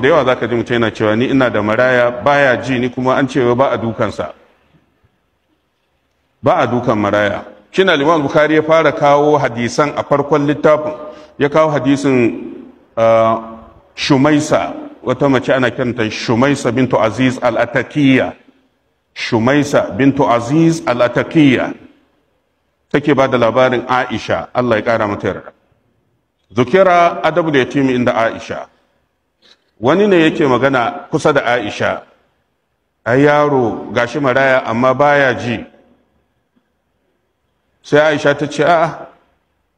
da yawa za ka ji mutum yana cewa ni ina da maraya baya ji ni kuma an cewa ba a dukansa ba a dukan maraya kina liman bukari ya fara kawo hadisan a farkon littafin ya kawo hadisin uh, shumaisa wata mace ana kiranta shumaisa bintu aziz al shumaisa bintu aziz al Ta take ba da labarin aisha allah ya kara mata yarda zukira adabu da yatimi inda aisha wani ne yake magana kusa da aisha ai yaro gashi maraya amma baya ji sai aisha ta ce a'a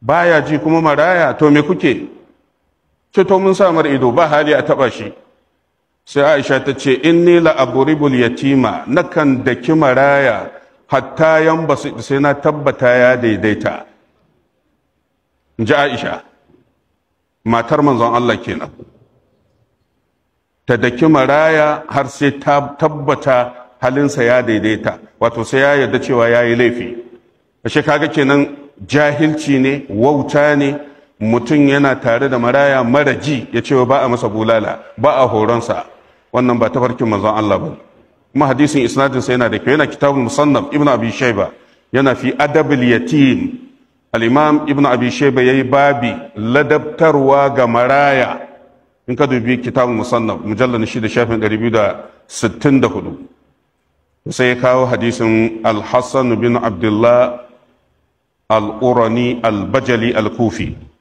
baya ji kuma maraya to me kuke ce to mun samar ido ba hali a taba shi sai aisha ta ce inni la aburibul yatima nakan daki maraya hatta yan su, sai na tabbata ya daidaita in ji aisha matar manzon Allah kenan ta daki maraya har sai ta tabbata halinsa ya daidaita wato sai ya yarda cewa ya yi laifi ashe kaga kenan jahilci ne wauta ne mutum yana tare da maraya mara ji ya cewa ba a masa bulala ba a horonsa wannan ba tafarkin manzon Allah ba kuma hadisin isnadin yana da kyau yana kitabul musannaf Ibn abi shayba yana fi adabul yatim al-imam ibnu abi shayba yayi babi ladabtarwa ga maraya in ka dubi kitabul musannaf mujallal shi da shafin 264 sai ya kawo hadisin al bin abdullah al-urani al-bajali al-kufi